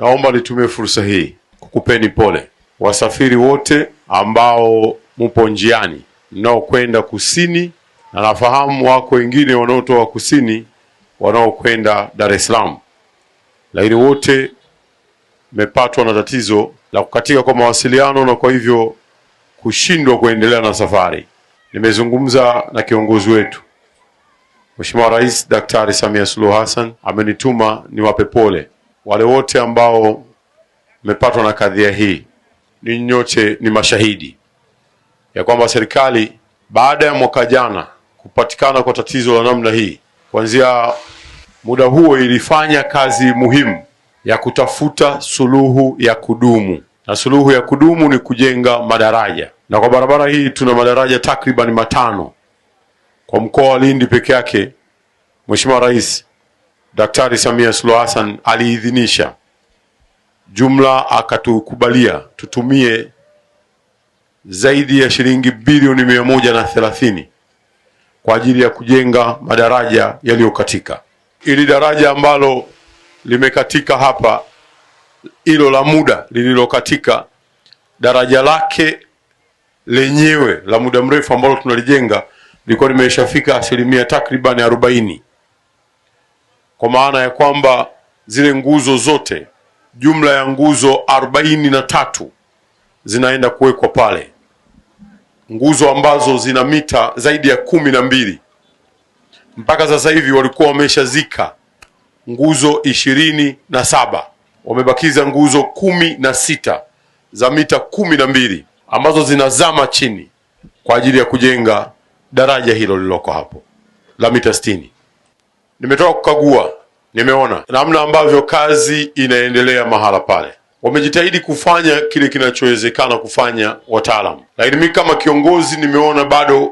Naomba nitumie fursa hii kukupeni pole wasafiri wote ambao mupo njiani mnaokwenda kusini, na nafahamu wako wengine wanaotoka kusini wanaokwenda Dar es Salaam, lakini wote mmepatwa na tatizo la kukatika kwa mawasiliano na kwa hivyo kushindwa kuendelea na safari. Nimezungumza na kiongozi wetu Mheshimiwa Rais Daktari Samia Suluhu Hassan, amenituma niwape pole. Wale wote ambao mmepatwa na kadhia hii, ni nyote ni mashahidi ya kwamba serikali baada ya mwaka jana kupatikana kwa tatizo la namna hii, kuanzia muda huo ilifanya kazi muhimu ya kutafuta suluhu ya kudumu, na suluhu ya kudumu ni kujenga madaraja, na kwa barabara hii tuna madaraja takriban matano kwa mkoa wa Lindi peke yake. Mheshimiwa Rais Daktari Samia Suluhu Hassan aliidhinisha jumla, akatukubalia tutumie zaidi ya shilingi bilioni mia moja na thelathini kwa ajili ya kujenga madaraja yaliyokatika. Ili daraja ambalo limekatika hapa, hilo la muda lililokatika, daraja lake lenyewe la muda mrefu ambalo tunalijenga lilikuwa limeshafika asilimia takribani arobaini kwa maana ya kwamba zile nguzo zote jumla ya nguzo arobaini na tatu zinaenda kuwekwa pale, nguzo ambazo zina mita zaidi ya kumi na mbili. Mpaka sasa hivi walikuwa wameshazika nguzo ishirini na saba wamebakiza nguzo kumi na sita za mita kumi na mbili ambazo zinazama chini kwa ajili ya kujenga daraja hilo lililoko hapo la mita sitini. Nimetoka kukagua, nimeona namna ambavyo kazi inaendelea mahala pale. Wamejitahidi kufanya kile kinachowezekana kufanya wataalamu, lakini mimi kama kiongozi nimeona bado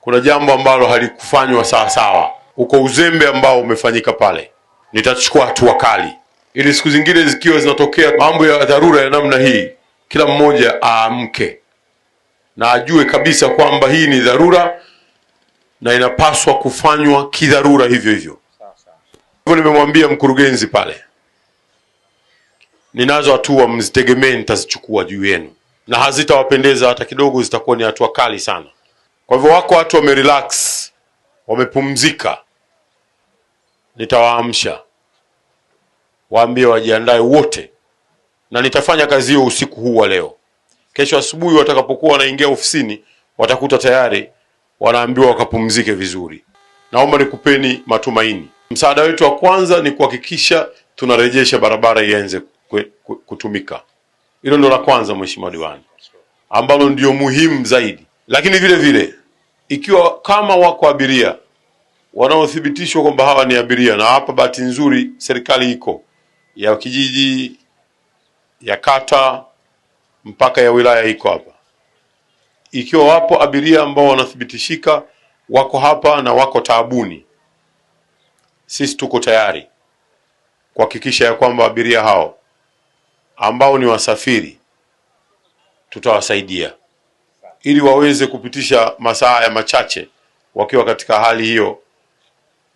kuna jambo ambalo halikufanywa sawasawa. Uko uzembe ambao umefanyika pale, nitachukua hatua kali ili siku zingine zikiwa zinatokea mambo ya dharura ya namna hii, kila mmoja aamke na ajue kabisa kwamba hii ni dharura na inapaswa kufanywa kidharura hivyo hivyo. Hivyo nimemwambia mkurugenzi pale, ninazo hatua, mzitegemee nitazichukua juu yenu, na hazitawapendeza hata kidogo, zitakuwa ni hatua kali sana. Kwa hivyo wako watu wamerelax, wamepumzika, nitawaamsha waambie wajiandae wote, na nitafanya kazi hiyo usiku huu wa leo. Kesho asubuhi watakapokuwa wanaingia ofisini watakuta tayari wanaambiwa wakapumzike vizuri. Naomba nikupeni matumaini. Msaada wetu wa kwanza ni kuhakikisha tunarejesha barabara ianze kutumika. Hilo ndio la kwanza, Mheshimiwa Diwani, ambalo ndio muhimu zaidi. Lakini vile vile, ikiwa kama wako abiria wanaothibitishwa kwamba hawa ni abiria, na hapa bahati nzuri serikali iko ya kijiji, ya kata mpaka ya wilaya iko hapa ikiwa wapo abiria ambao wanathibitishika wako hapa na wako taabuni, sisi tuko tayari kuhakikisha ya kwamba abiria hao ambao ni wasafiri tutawasaidia ili waweze kupitisha masaa ya machache wakiwa katika hali hiyo,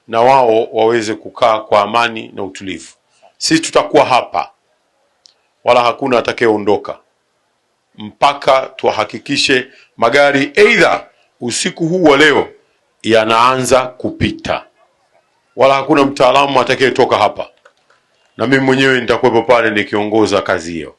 na wao waweze kukaa kwa amani na utulivu. Sisi tutakuwa hapa, wala hakuna atakayeondoka mpaka tuhakikishe magari aidha usiku huu wa leo yanaanza kupita, wala hakuna mtaalamu atakayetoka hapa, na mimi mwenyewe nitakuwepo pale nikiongoza kazi hiyo.